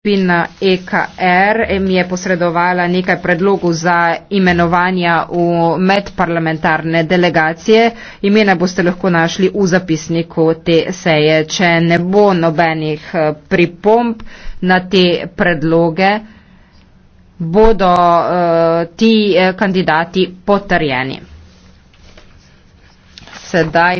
skupina EKR mi je posredovala nekaj predlogov za imenovanja v medparlamentarne delegacije. Imena boste lahko našli v zapisniku te seje. Če ne bo nobenih eh, pripomp na te predloge, bodo uh, ti eh, kandidati potrjeni. Sedaj